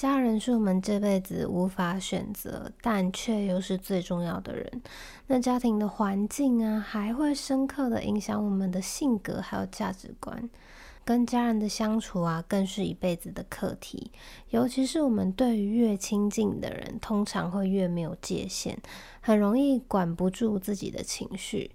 家人是我們這輩子無法選擇，但卻又是最重要的人。那家庭的環境啊，還會深刻的影響我們的性格還有價值觀。跟家人的相處啊，更是一輩子的課題。尤其是我們對於越親近的人，通常會越沒有界限，很容易管不住自己的情緒。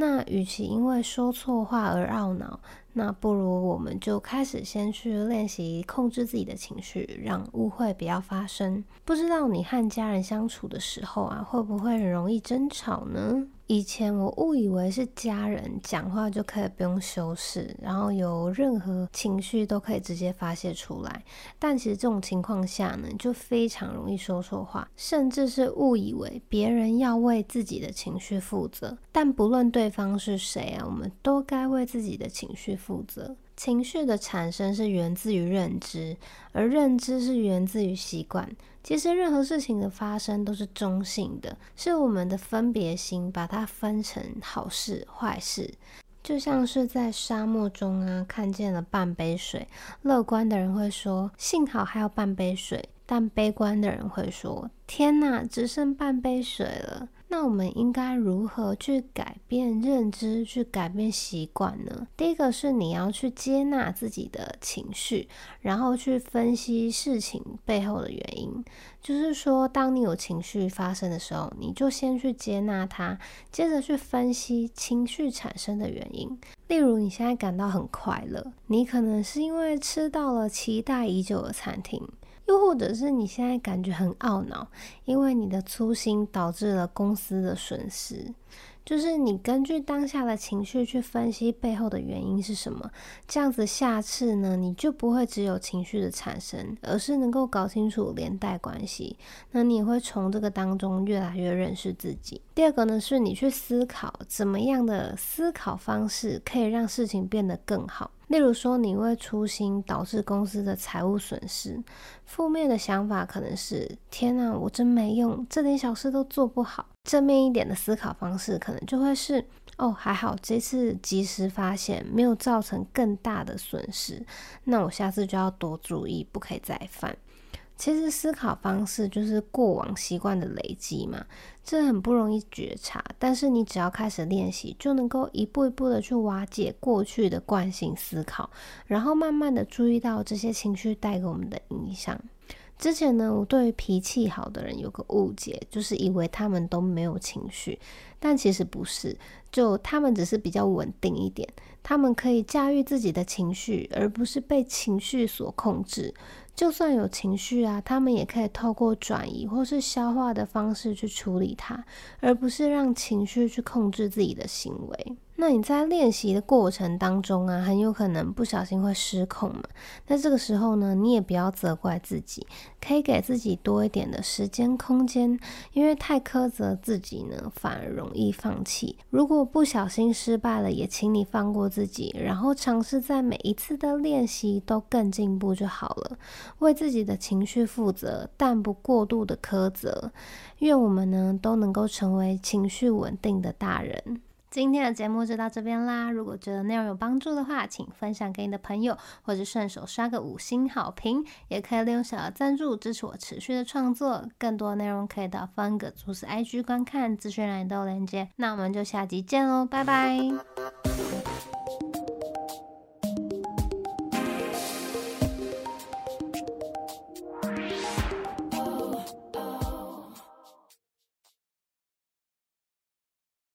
那與其因為說錯話而懊惱，那不如我們就開始先去練習控制自己的情緒，讓誤會不要發生。不知道你和家人相處的時候啊，會不會很容易爭吵呢？以前我誤以為是家人講話就可以不用修飾，然後有任何情緒都可以直接發洩出來。但其實這種情況下呢，就非常容易說錯話，甚至是誤以為別人要為自己的情緒負責。但不論對方是誰啊，我們都該為自己的情緒負責。情緒的產生是源自於認知，而認知是源自於習慣。其實任何事情的發生都是中性的，是我們的分別心把它分成好事壞事。就像是在沙漠中啊，看見了半杯水，樂觀的人會說：幸好還有半杯水。但悲觀的人會說：“天哪，只剩半杯水了。”那我們應該如何去改變認知，去改變習慣呢？第一個是你要去接納自己的情緒，然後去分析事情背後的原因。就是說，當你有情緒發生的時候，你就先去接納它，接着去分析情緒產生的原因。例如，你現在感到很快樂，你可能是因為吃到了期待已久的餐廳。又或者是你現在感覺很懊惱，因為你的粗心導致了公司的損失，就是你根據當下的情緒去分析背後的原因是什麼，這樣子下次呢，你就不會只有情緒的產生，而是能夠搞清楚連帶關係。那你會從這個當中越來越認識自己。第二個呢，是你去思考怎麼樣的思考方式可以讓事情變得更好。例如說，你因為粗心導致公司的財務損失，負面的想法可能是：天吶、啊、我真沒用，這點小事都做不好。正面一點的思考方式，可能就會是：哦，還好這次及時發現，沒有造成更大的損失。那我下次就要多注意，不可以再犯。其實思考方式就是過往習慣的累積嘛，這很不容易覺察。但是你只要開始練習，就能夠一步一步的去瓦解過去的慣性思考，然後慢慢的注意到這些情緒帶給我們的影響。之前呢，我對於脾氣好的人有個誤解，就是以為他們都沒有情緒，但其實不是，就他們只是比較穩定一點，他們可以駕馭自己的情緒，而不是被情緒所控制。就算有情緒啊，他們也可以透過轉移或是消化的方式去處理它，而不是讓情緒去控制自己的行為。那你在練習的過程當中啊，很有可能不小心會失控嘛。那這個時候呢，你也不要責怪自己，可以給自己多一點的時間空間，因為太苛責自己呢，反而容易放棄。如果不小心失敗了，也請你放過自己，然後嘗試在每一次的練習都更進步就好了。為自己的情緒負責，但不過度的苛責。願我們呢，都能夠成為情緒穩定的大人。今天的節目就到這邊啦！如果覺得內容有幫助的話，請分享給你的朋友，或者順手刷個五星好評，也可以利用小的贊助支持我持續的創作。更多內容可以到方格子 IG 觀看、資訊欄都有鏈接。那我們就下集見嘍，拜拜！